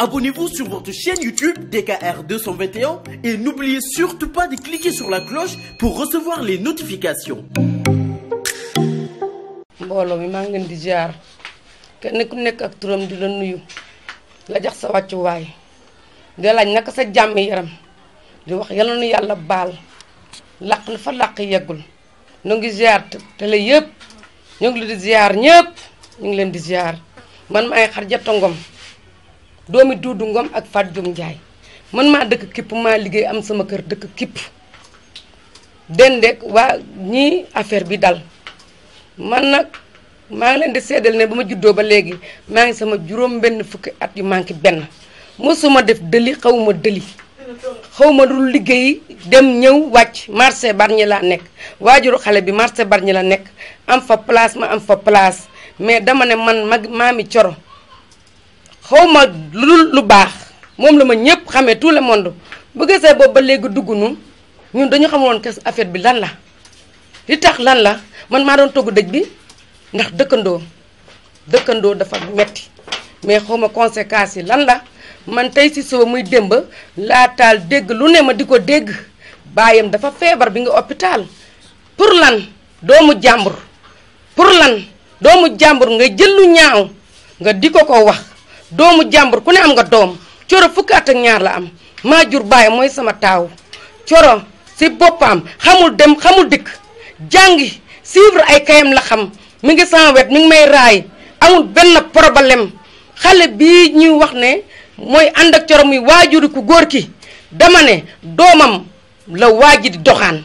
Abonnez-vous sur votre chaîne YouTube DKR 221 et n'oubliez surtout pas de cliquer sur la cloche pour recevoir les notifications. mbooloo mi maa ngi leen di ziar kenn ku nekk ak turam di la nuyu la jox sa wàccuwaay di laaj naka sa jàmm yaram di wax yal na nu yàlla baal làq na fa làq yeggul ñu ngi télé yëpp ñu ngi leen di ziar ñëpp ñu ngi leen di ziar man maay Xarjata Ngom. doomi Duudu Ngom ak Fatou Diom Ndiaye man maa dëkk kipp maa liggéey am sama kër dëkk kipp dendek waa ñii affaire bi dal man nag maa ngi leen di seddal ne ba ma juddoo ba léegi maa ngi sama juróom benn fukki at yu manqué benn mosuma def dëli xawma dëli ma dul liggéey dem ñëw wàcc marché Bargny laa nekk waajuru xale bi marché Bargny la nekk am fa place ma am fa place mais dama ne man mag maami coro xaw ma lu lu baax moom la ma ñëpp xamee tout le monde bu gisee boobu ba léegi dugg nun ñun dañu xamoon kes affaire bi lan la li tax lan la man maa doon togg dëj bi ndax dëkkandoo dëkkandoo dafa metti mais xaw ma conséquences yi lan la man tey si suba muy démb laataal dégg lu ne ma di ko dégg baayam dafa feebar bi nga hôpital pour lan doomu jàmbur pour lan doomu jàmbur nga jël lu ñaaw nga di ko ko wax doomu jàmbur ku ne am nga doom coro fukki at ak ñaar la am maa jur mooy sama taaw coro si boppam xamul dem xamul dikk jàngi suivre ay kayam la xam mi ngi sama wet mi ngi may raay amul benn problème xale bi ñuy wax ne mooy ànd ak coro muy waajuri ku góor ki dama ne doomam la waaji di doxaan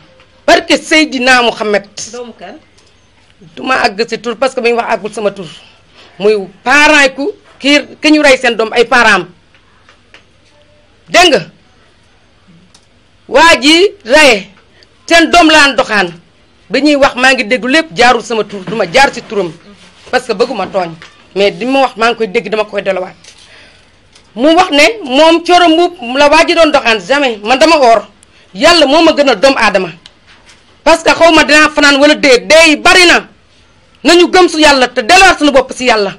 barke Seydina Muhammad doomu kan duma àgg si tur parce que bu wax àggul sama tur muy parent ku kii ki ñu rey seen doom ay parents am dégg nga waa ji reye seen doom laan doxaan bi ñuy wax maa ngi dégg lépp jaarul sama tur duma jaar ci turam parce que bëgguma tooñ mais di ma wax maa ngi koy dégg dama koy delawaat mu wax ne moom Coro Mbuub la waa ji doon doxaan jamais man dama oor yàlla moo ma gën a doomu aadama parce que xaw ma dinaa fanaan wala dee dee yi bari na nañu gëm su yàlla te delluwaat suñu bopp si yàlla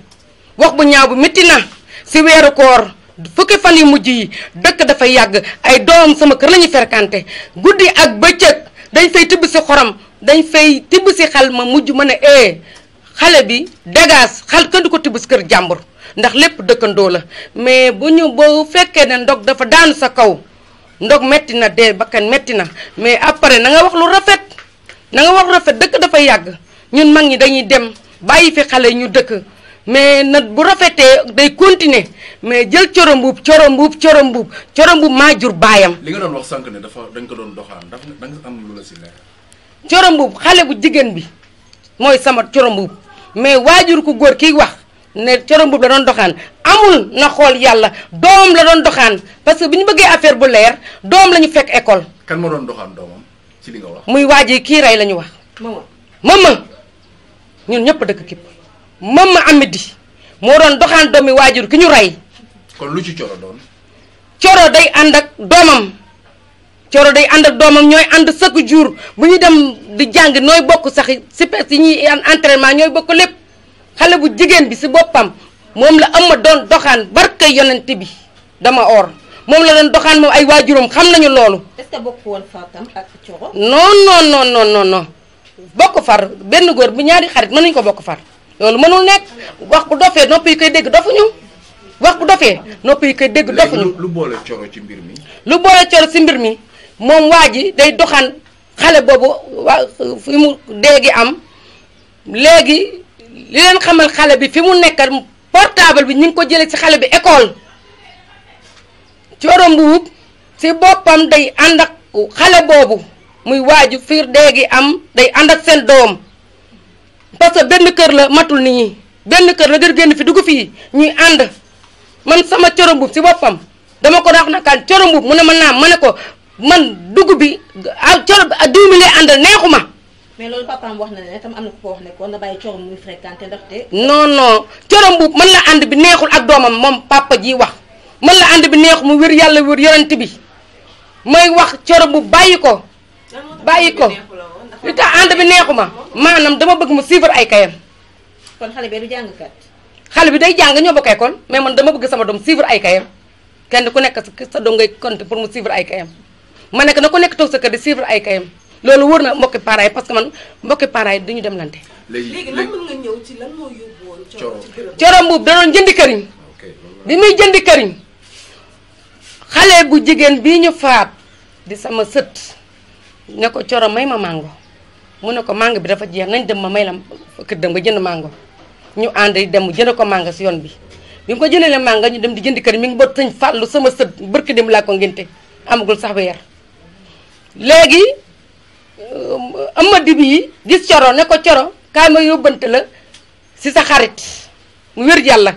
wax bu ñaaw bu métti na si weeru koor fukki fan yu mujj yi dëkk dafa yàgg ay doom sama kër la ñuy ferkante guddi ak bëccëg dañ fay tibb si xorom dañ fay tibb si xal ma mujj mën a ee eh, xale bi dagaas xal kenn ko tibb si kër jàmbur ndax lépp dëkkandoo la mais bu ñu boo fekkee ne ndog dafa daanu sa kaw ndog metti na dee bakkan metti na mais après na nga wax lu rafet na nga wax rafet dëkk dafa yàgg ñun mag ñi dañuy dem bàyyi fi xale ñu dëkk mais nag bu rafetee day continuer mais jël coro mbuub coro mbuub coro mbuub coro maa jur baayam. li nga doon wax sànq ne dafa dañ ko doon doxaan dafa da nga am lu la si xale bu jigéen bi mooy sama coro mais waajur ku góor kiy wax ne coro mbuub la doon doxaan amul na xool yàlla doomam la doon doxaan parce que bi ñu bëggee affaire bu leer doom la ñu fekk école. kan ma doon doxaan doomam muy waaj yi kii rey la ñu wax. mama mama ñun ñëpp dëkk képp. Mama Amady moo doon doxaan doomi waajur ki ñu rey. lu ci coro doon. day ànd ak doomam coro day ànd ak doomam ñooy ànd chaque jur bu ñu dem di jàng nooy bokk sax sipes yi ñuy entraînement ñooy bokk lépp xale bu jigéen bi si boppam moom la am ma doon doxaan barke yonent bi dama or moom la doon doxaan moom ay waajuram xam nañu loolu. est bokk woon Fatam ak coro. non non non non non far benn góor bu ñaari xarit mën nañu ko bokk far. loolu mënul nekk wax bu dofee nopp yi koy dégg dofuñu wax bu dofee nopp yi koy dégg dofuñu lu boole coro ci mbir mi lu boole coro mbir mi moom waa ji day doxan xale boobu wa fi mu déegi am léegi li leen xamal xale bi fi mu nekkal portable bi ñu ngi ko jëlee ci xale bi école coro mbuub si boppam day ànd ak xale boobu muy waaju fiir déegi am day ànd ak seen doom parce benn kër la matul nit benn kër la ngir génn fi dugg fii ñuy ànd man sama coro mbub si boppam dama ko daax nakaan coro mu ne mën naa ma ne ko man dugg bi ak coro ak diw mi lay àndal neexuma. mais loolu papaam wax na ne tam am na ne bàyyi coro muy fréquenté ndaxte. non non coro mbub mën la ànd bi neexul ak doomam moom papa ji wax man la ànd bi neexul mu wér yàlla wér yorante bi may wax coro mbub bàyyi ko. bàyyi ko. li tax ànd bi neexuma maanaam dama bëgg mu suivre ay kayam. kon xale bi du jàngkat. xale bi day jàng ñoo bokk école mais man dama bëgg sama doom suivre ay kayam kenn ku nekk sa doom ngay compter pour mu suivre ay kayam ma nekk na ko nekk toog sa kër di suivre ay kayam. loolu wër na mbokki parents parce que man mbokki parents yi duñu dem lante. léegi lan nga ñëw ci lan moo yóbbu woon. coro danoon jëndi këriñ. bi muy jëndi këriñ xale bu jigéen bii ñu faat di sama sët ne ko coro may ma màngo mu ne ko màng bi dafa jeex nañ dem ma may la këddam ba jënd màngo ñu ànd dem jënd ko màngo si yoon bi bi mu ko jëndalee màngo ñu dem di jënd kër mi ngi ba sëñ sama sët bërk dem laa ko ngénte amagul sax weer léegi euh, amadi bi gis coro ne ko coro kaay ma la si sa xarit mu wér yàlla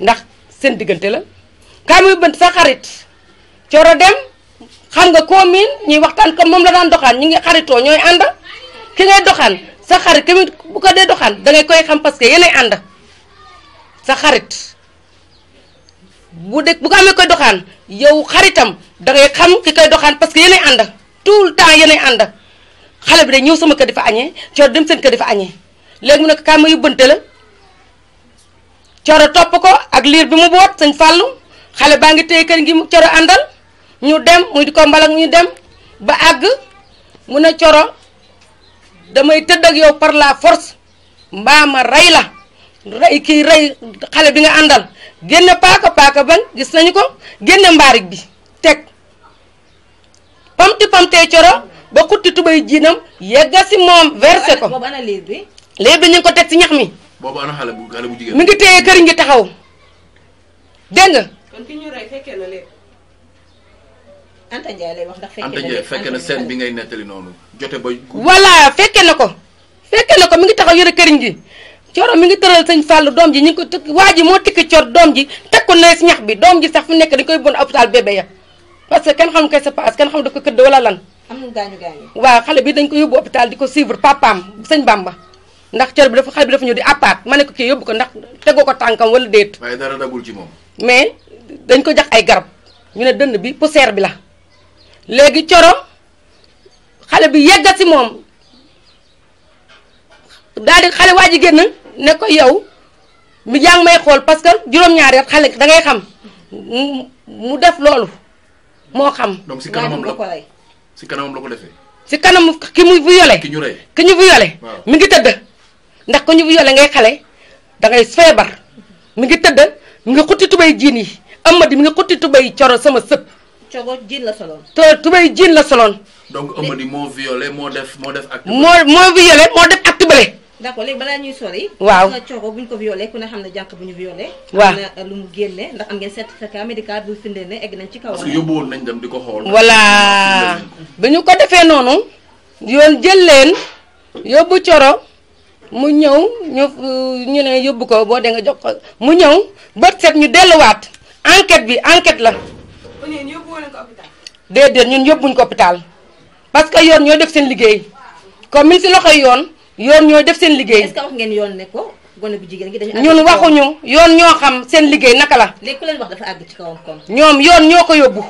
ndax seen diggante la kaay ma yóbbante sa xarit coro dem xam nga koo miin ñuy waxtaan comme moom la daan doxaan ñi ngi xaritoo ñooy ànd ki ngay doxaan sa xarit tamit bu ko dee doxaan dangay koy xam parce que yéenay ànd sa xarit bu de bu ko amee koy doxaan yow xaritam dangay xam ki koy doxaan parce que yéenay ànd tout le temps yéenay ànd xale bi day ñëw sama kër di fa añee coor dem seen kër di fa añee léegi mu ne kaa ma yóbbante la coor topp ko ak liir bi mu boot sëñ fàllu xale baa ngi téye kër ngi coor àndal ñu dem muy di ko mbalag ñu dem ba àgg mu ne coro damay tëdd ak yow par la force mbaa ma rey la rey kii rey xale bi nga àndal génne paaka paaka ban gis nañu ko génne mbaari bi teg pamti pamtee coro ba kutti tubay jiinam yegga si moom versé ko léeb bi ñu ngi ko teg ci ñax mi boobu ana xale bu xale bu mi ngi téye kër ngi taxaw dégg ñu Anta Ndiaye lay wax ndax fekke na Anta Ndiaye fekke na ko fekke na ko mi ngi taxaw yore këriñ gi coro mi ngi tëral sañ Fallou doom ji ñu ngi ko waa ji moo tikki cor doom ji teg ko nees ñax bi doom ji sax fu nekk koy bon hôpital bébé ya xam koy sa passe kenn xam da ko këdd wala lan. am dañ ko yóbbu hôpital di ko suivre papaam sëñ Bamba ndax cor dafa xale dafa ñëw di appaat ma ne ko kii yóbbu ko ndax tegoo ko tànkam wala déet. waaye dara ci moom. mais dañ ko jax ay garab ñu ne dënn bi poussière bi la. léegi coro xale bi yegga si moom daal di xale waa ji génn ne ko yow mu jàng may xool parce que juróom-ñaari at xale da ngay xam mu def loolu moo xam. donc si kanamam la si kanamam la ko si kanam ki mu violé ki ñu rey ki ñu mi ngi tëdd ndax ku ñu violé ngay xale dangay ngay feebar mi ngi tëdd mu ngi xutti tubay jiin yi am di mi ngi xutti tubay coro sama sëpp. cogo jiin la soloon. te tubéy jiin la soloon. donc Amady moo violé moo def moo def. acte moo moo violé moo def acte bële. d'accord léegi ñuy sori. waaw nga cogo bu ñu ko violé ku ne xam ne jànq bu ñu violé. waaw na lu mu génne ndax am ngeen certificat médical bu firndeel ne egg nañ ci kaw. parce que yóbbuwoon dem di ko xool. voilà bi ko defee noonu. yoon jël leen yóbbu coro mu ñëw ñu ñu ne yóbbu ko boo dee nga jox ko mu ñëw bët set ñu delluwaat enquête bi enquête la. déedéet ñun yóbbuñ ko hôpital parce que yoon ñooy def seen liggéey comme mi si loxo yoon yoon ñoo def seen liggéey. est ngeen yoon ne ko gone bu jigéen gi dañu ñun waxuñu yoon ñoo xam seen liggéey naka la. léegi ku wax dafa àgg ci kawam kon. ñoom yoon ñoo ko yóbbu.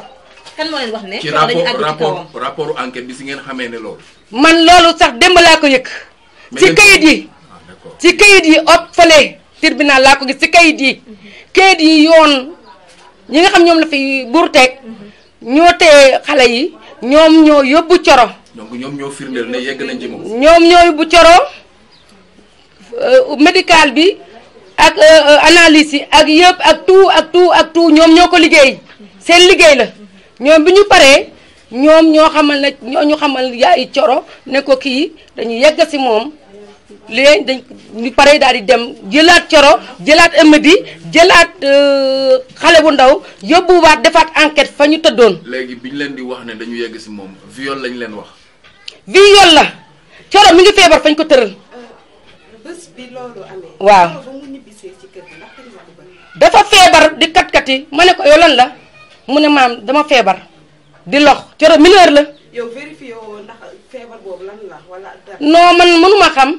kan moo wax ne. ci rapport rapport enquête si ngeen xamee ne loolu. man loolu sax démb laa ko yëg. Ah, ci kayit yi ci kayit yi op fële tribunal laa ko gis ci kayit yi mhm. kayit yi yoon. ñi nga xam ñoom la fi buur teg ñoo téye xale yi ñoom ñoo yóbbu coro. donc ñoom ñoo firndeel ne nañ ci moom. ñoom ñoo yóbbu coro euh, médical bi ak euh, analyse yi ak yëpp ak tout ak tout ak tout ñoom ñoo ko liggéey seen liggéey la ñoom bi ñu paree ñoom ñoo xamal ne ñoo ñu xamal yaay coro ne ko kii dañuy yegg si moom. léegi dañ ñu pare daal di dem jëlaat coro jëlaat ëmmëdi jëlaat euh, xale bu ndaw yóbbuwaat defaat enquête fa ñu tëddoon. léegi bi ñu leen di wax ne dañu yegg si moom viol lañ leen wax. viol la coro mi ngi feebar fañ ko tëral. feebar di kat ma ne ko la mu ne maam dama feebar di lox coro mineur la. yow vérifié woo boobu la wala. non man mënuma xam.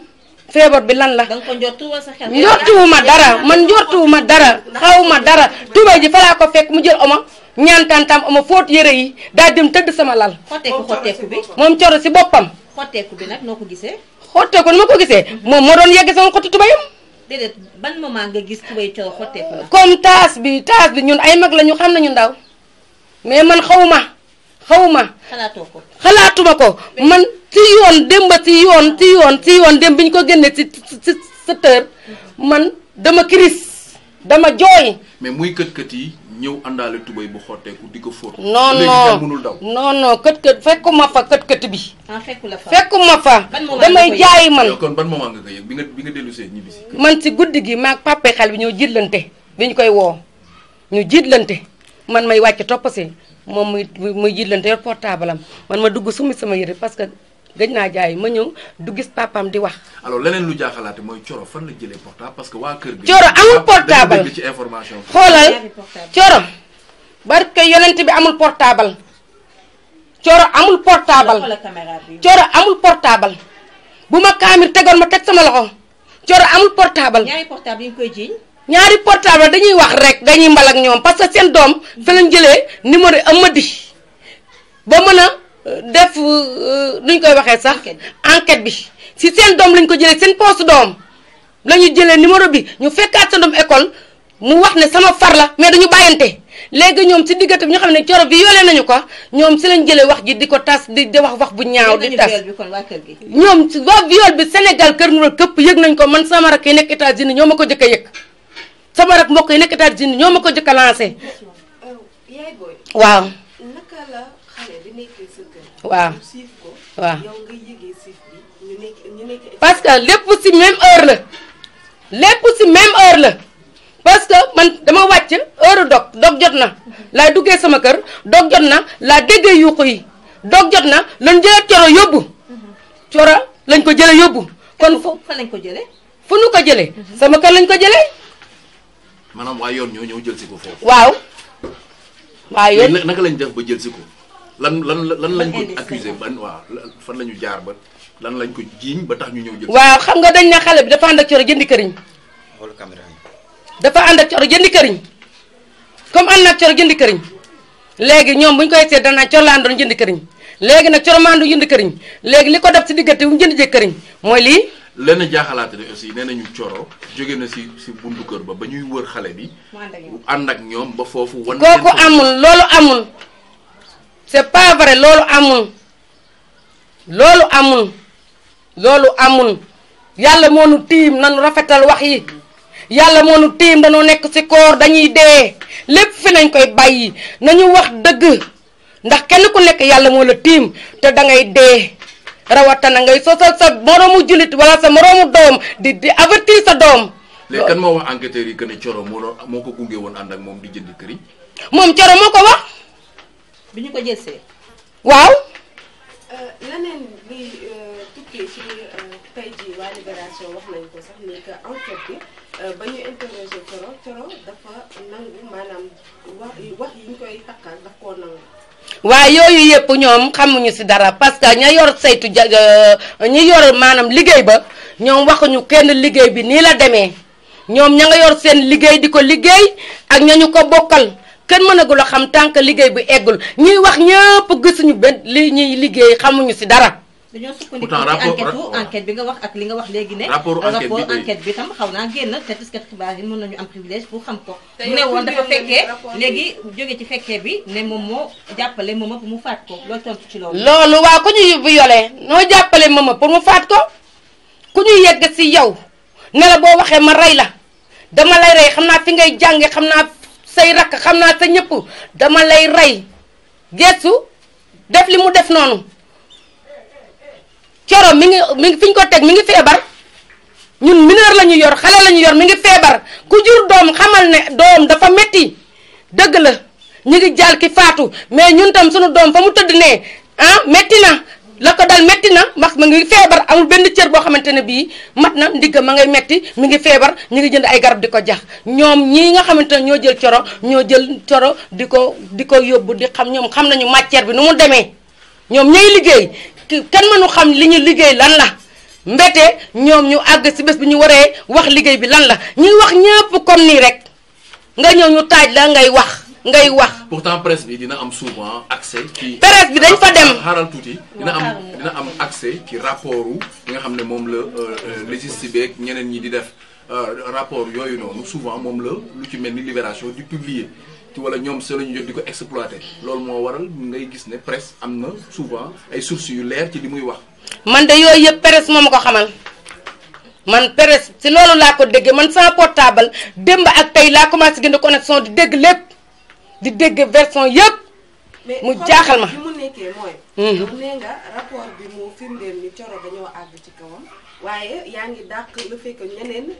feebar bi lan la. da nga ko njortuwuma sa xel. njortuwuma dara man njortuwuma dara xawma dara tubay ji falaa ko fekk mu jël oma ñaan tantam oma fóot yëre yi daal dem tëdd sama lal. xotteeku bi moom coro si boppam. xotteeku bi nag noo ko gisee. xotteeku ni ma ko gisee. moom moo doon yegg sama xottu tubayam. déedéet ban moment nga gis tubay coro comme taas bi taas bi ñun ay mag la ñu xam nañu ndaw mais man xawma xawma xalaatoo ko. xalaatuma ko man ci yoon démb ci yoon ci yoon ci yoon démb bi ñu ko génnee ci ci sept heures man dama crise dama jooy. mais muy kët-kët yi ñëw àndaale tubay bu xotteeku di ko fóot. non non non non kët-kët fekkuma fa kët-kët bi. ah fekkuma fa fekkuma fa. damay jaay man. kon ban moment nga koy yëg bi bi nga dellu si man ci guddi gi maag pàppee xal bi ñoo jiitlante bi ñu koy woo ñu jiitlante man may wàcc topp si moom muy muy jiitlante yor portable am man ma dugg summi sama yëre parce que gëj naa jaay ma ñëw du gis papaam di wax. alors leneen lu jaaxalaate mooy Coro fan la jëlee portable parce que waa kër gi. Coro amul portable ci information xoolal Coro barke yonent bi amul portable. Coro amul portable Coro amul portable bu ma kaamir tegoon ma teg sama loxo Coro amul portable. ñaari portable yi ñu koy jiiñ. ñaari portable dañuy wax rek dañuy mbal ak ñoom parce que seen doom fa lañ jëlee numéro Amady ba mën a euh, def euh, nuñ koy waxee sax enquête bi si seen doom lañ ko jëlee seen poste doom la ñu jëlee numéro bi ñu fekkaat seen doom école mu wax ne sama far la mais dañu bàyyante léegi ñoom si diggante bi ñu xam ne coro bi yoolee nañu ko ñoom si lañ jëlee wax ji di ko tas di di wax wax bu ñaaw di tas ñoom waa viol bi Sénégal kër mu këpp yëg nañ ko man sama rakk yi nekk états ma ko jëkk a sama rek mbokk yi nekk états ñoo ma ko jëkk a lancé. yaay waaw. waaw ñu siif que lépp si même heure la lépp si même heure la parce que man dama wàcc heure dog dog jot na laa duggee sama kër dog jot na laa déggee yuuxu yi dog jot na lañ jëlee coro yóbbu. coro lañ ko jëlee yóbbu. kon fu fa lañ ko jële fu sama kër lañ ko jële maanaam waa yoon ñoo ñëw jël si ko foofu. waaw. waaw yéen naka lañ def ba jël si ko lan lan lan lañ ko accusé ban waaw fan la ñu jaar ba lan lañ ko jiiñ ba tax ñu ñëw jël. waaw xam nga dañ ne xale bi dafa ànd ak coro jëndi këriñ. xool caméra dafa ànd ak coro jëndi këriñ comme ànd ak coro jëndi këriñ léegi ñoom bu ñu koy seet danaa coro laa doon jëndi këriñ léegi nag coro maa doon jëndi këriñ léegi li ko def si diggante wu mu jënd jëkkëriñ mooy lii. lenn jaaxalaate ne aussi nee nañu coro jóge na si si buntu kër ba ba ñuy wër xale bi. ànd ak ñoom ba foofu. wan kooku amul loolu amul. c'est pas vrai loolu amul. loolu amul. loolu amul. yàlla moo nu tiim nanu rafetal wax yi. yàlla moo nu tiim danoo nekk ci koor dañuy dee lépp fi nañ koy bàyyi nañu wax dëgg ndax kenn ku nekk yàlla moo la tiim te da ngay dee. rawatina ngay sosal sa moroomu jullit wala sa moroomu doom di di avertir sa doom. léegi kan moo wax enquêteurs yi que ne Coro moo ko gunge woon ànd ak moom di jënd kër yi. moom Coro moo ko wax. bi ñu ko jësee. waaw. Euh, leneen bi euh, tukkee ci euh, tey jii waa Libération wax nañ ko sax ni que enquête ba ñu interroger Coro Coro dafa nangu maanaam wax wax yi ñu koy takkal daf koo nangu. waaye yooyu yëpp ñoom xamuñu ci dara parce que ña yor saytu ja euh, ñi yor maanaam liggéey ba ñoom waxuñu kenn liggéey bi nii la demee ñoom ña nga yor seen liggéey di ko liggéey ak ña ñu ko bokkal kenn mënagul xam tant que liggéey bu eggul ñuy wax ñëpp gisuñu benn li ñuy liggéey xamuñu ci dara. dañoo sukkandiku enquête enquête bi nga wax ak li nga wax léegi ne. rapport enquête bi tam xaw naa génn te taskat xibaar yi mën nañu am privilège pour xam ko. mu ne woon dafa fekkee léegi jóge ci fekkee bi ne moom moo jàppale mama pour mu faat ko loolu tontu ci loolu. loolu waa ku ñuy violé noo jàppale ma pour mu faat ko ku ñuy yegg si yow ne la boo waxee ma rey la dama lay rey xam naa fi ngay jànge xam naa say rakk xam naa sa ñëpp dama lay rey gestu def li mu def noonu. coro mi ngi mi ngi fi ñu ko teg mi ngi feebar ñun mineur la ñu yor xale lañu yor mi ngi feebar ku jur doom xamal ne doom dafa metti dëgg la ñu ngi jaal ki faatu mais ñun tam sunu doom fa mu tëdd ne ah metti na la ko dal metti na max ma ngi feebar amul benn cër boo xamante ne bii mat na ndigga ma ngay metti mu ngi feebar ñu ngi jënd ay garab di ko jax ñoom ñi nga xamante ne ñoo jël coro ñoo jël coro di ko di ko yóbbu di xam ñoom xam nañu matière bi nu mu demee ñoom ñooy liggéey kenn mënu xam li ñu liggéey lan la mbete ñoom ñu àgg ci bés bi ñu waree wax liggéey bi lan la ñuy wax ñëpp comme nii rek nga ñëw ñu taaj la ngay wax ngay wax. pourtant presse bi dina am souvent accès. ci presse bi dañ fa dem ah, xaaral tuuti dina am dina am accès ci rapport yi nga xam ne moom la euh, euh, légiste beeg ñeneen ñi di def euh, rapport yooyu noonu souvent moom la lu ci mel ni Libération di publier. ci wala ñoom sa jot di ko exploité loolu moo waral ngay gis ne presse am na souvent ay sources yu leer ci li muy wax. man de yooyu yëpp presse moom ma ko xamal man presse si loolu laa ko déggee man sama portable démb ak tey laa commencé gën a connexion di dégg lépp di dégg version yëpp mu jaaxal ma. nekkee mooy. yow mm-hmm. nee nga rapport bi mu firndeel ni Coro dañoo àgg ci kawam. waaye yaa ngi dàq le fait que ñeneen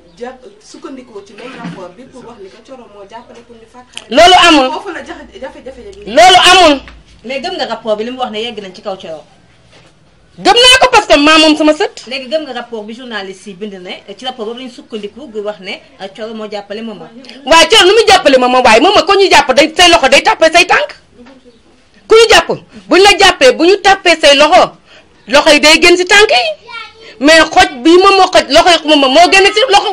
sukkandikoo ci même rapport bi pour wax ni que Coro moo jàppale pour ñu fàq xale. loolu amul foofu la jafe-jafe loolu amul. mais gëm nga rapport bi li mu wax ne yegg nañ ci kaw Coro. gëm naa ko parce que maa moom sama sët. léegi gën nga rapport bi journaliste yi bind ne ci rapport boobu lañu sukkandiku gu wax ne euh, Coro moo jàppale ma moom. waaw Coro nu mu jàppale ma moom waaye moom ko ñu jàpp day say loxo day tàppe say tànk. ku ñu jàpp bu ñu la jàppee bu ñu tàppee say loxo loxo yi day gën si tànk yi mais xoj bii moom moo xoj loxo yi moom moo génn si loxo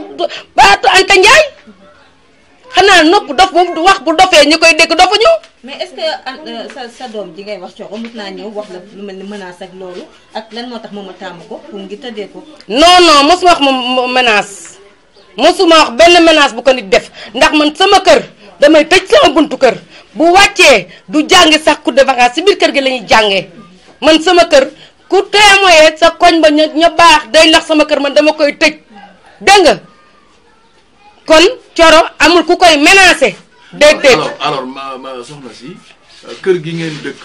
baatu Anta Ndiaye xanaa nopp dof bu wax bu dofee ñi koy dégg dofuñu. mais est-ce que euh, sa ji ngay wax coono mën naa ñëw wax la lu mel ni menace ak loolu ak lan moo tax moom ma tàmm ko pour ko. non non mosuma wax ma menace mosuma wax benn menace bu ko nit def ndax man sama kër. damay tëj sama buntu kër bu wàccee du jàngi sax cours de vacances si biir kër gi lañuy jànge man sama kër ku témoye sa koñ ba ña baax day ndax sama kër man dama koy tëj dégg nga kon coro amul ku koy menacer. déedéet alors alors ma ma soxna si kër gi ngeen dëkk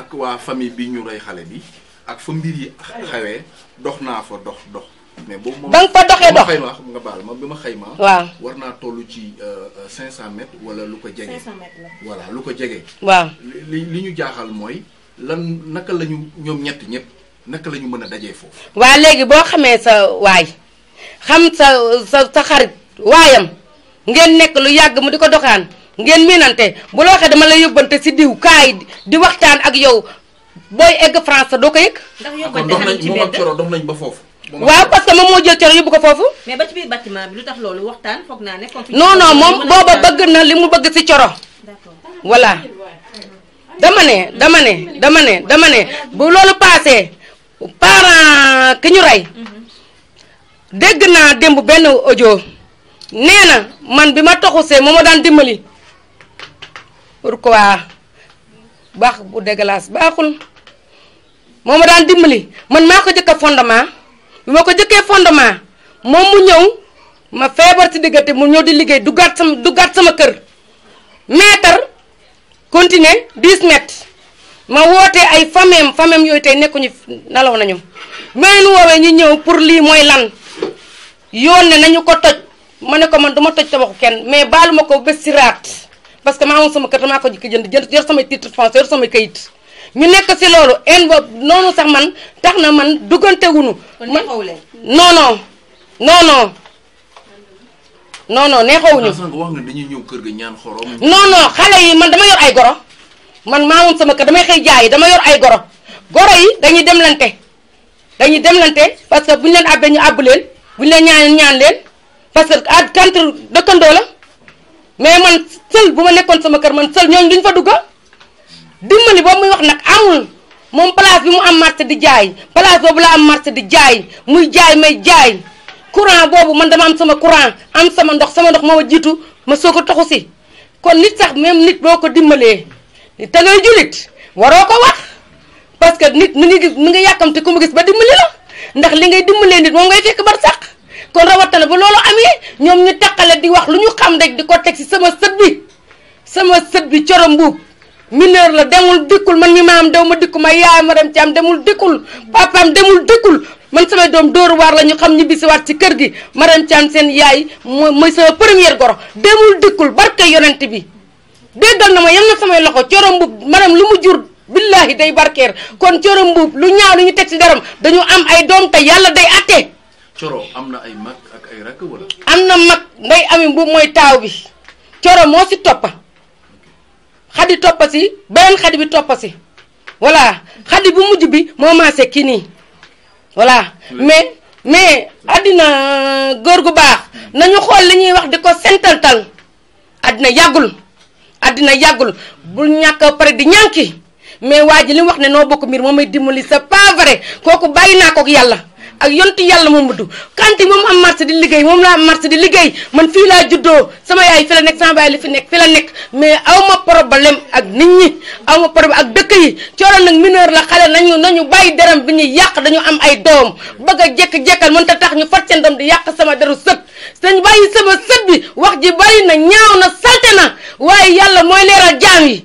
ak waa famille bi ñu rey xale bi ak fa mbir yi xawee dox naa fa dox dox. mais boobu moom da nga fa doxee dox xayma nga baal ma bi ma xayma. waaw war naa tollu ci euh, cent mètres wala lu ko jege. 500 mètres lu ko jege. waaw li li ñu jaaxal mooy lan naka la ñu ñoom ñett ñëpp naka lañu mën a dajee foofu. waa léegi boo xamee sa waay xam sa sa sa xarit waayam ngeen nekk lu yàgg mu di ko doxaan ngeen miinante bu la waxee dama la yóbbante si diw kaay di waxtaan ak yow booy egg France doo ko yëg. ndax ah, yóbbante xarit moom ak Coro dox nañ ba foofu. waaw parce que moom moo jël cere yóbbu ko foofu. mais ba ci biir bâtiment bi lu tax loolu waxtaan foog naa ne. non non moom booba bëgg na li mu bëgg ci coro. voilà dama ne dama ne dama ne dama ne bu loolu paasee parent ki ñu rey dégg naa démb benn audio nee na man bi ma toxusee moo ma daan dimbali pourquoi baax bu déggalaas baaxul moo ma daan dimbali man maa ko jëkk a bi ko jëkkee fondement moom mu ñëw ma feebar ci diggante mu ñëw di liggéey duggaat sama duggaat sama kër mètre continuer 10 mètres ma wootee ay fameem fameem yooyu tey nekkuñu nalaw nañu meen woowee ñu ñëw pour lii mooy lan yoon ne nañu ko toj ma ne ko man du ma toj tabaxu kenn mais baalu ma ko bés si raat parce que maa moom sama kër damaa ko jëkk jënd jënd samay titre foncier yor samay kayit ñu nekk si loolu en boobu noonu sax man tax na man duggantewuñu. man non non non non. non non neexawuñu. sànq wax nga dañuy ñëw kër ga ñaan xorom. non non xale yi man dama yor ay goro man maamoon sama kër damay xëy jaay dama yor ay goro goro yi dañuy demlante dañuy demlante parce que buñ leen àbbee ñu àbb leen ñu leen ñaan ñaan leen parce que à contre dëkkandoo la mais man sël bu ma nekkoon sama kër man sël ñooñu duñ fa dugga dimbali boobu muy wax nag amul moom place bi mu am marché di jaay place boobu la am marché di jaay muy jaay may jaay courant boobu man dama sama courant am sama ndox sama ndox ma wa jiitu ma soo ko taxu kon nit sax même nit boo ko dimbalee te ngay julit waroo ko wax parce que nit mi ngi gis mi ngi yàkkamte ku mu gis ba dimbali ndax li ngay dimbalee nit moom ngay fekk bar sax kon rawatina bu loolu amee ñoom ñu taqale di wax lu ñu xam rek di ko teg si sama sët sama sët bi corom mineur la demul dikkul man mi maam dew ma dikku ma yaay ma dem ci am demul dikkul papaam demul dikkul man samay doom dóoru waar la ñu xam ñibbi si waat ci kër gi ma dem ci am yaay mooy mooy sama première goro demul dikkul barke yonent bi déggal na ma yam na samay loxo corom bu maanaam lu mu jur day barkeer kon corom mbuub lu ñaaw lu ñu teg ci daram dañu am ay doom te yàlla day atte am na ay mag am na mag nday ami mbuub mooy taaw bi coro moo si toppa xadi toppa si beneen xadi bi toppasi si voilà xadi bu mujj bi moo maase kii nii voilà mais mais àddina góor gu baax nañu xool li ñuy wax di ko sentantal àddina yàggul àddina yàggul bu ñàkk pare di ñànki mais waa ji li wax ne noo bokk mbir moom may dimbali sa pas kooku bàyyi naa ko yàlla ak yonti yàlla moom mudd kanti moom am marché di liggéey moom laa am marché di liggéey man fii laa juddoo sama yaay fi la nekk sama baay li fi nekk fi la nekk mais aw ma problème ak nit ñi aw ma problème ak dëkk yi cooroon nag mineur la xale nañu nañu bàyyi deram bi ñuy yàq dañu am ay doom bëgg a jekk-jekkal man ta tax ñu fat seen doom di yàq sama deru sët dañ bàyyi sama sët bi wax ji bari na ñaaw na salte na waaye yàlla mooy leeral jaam yi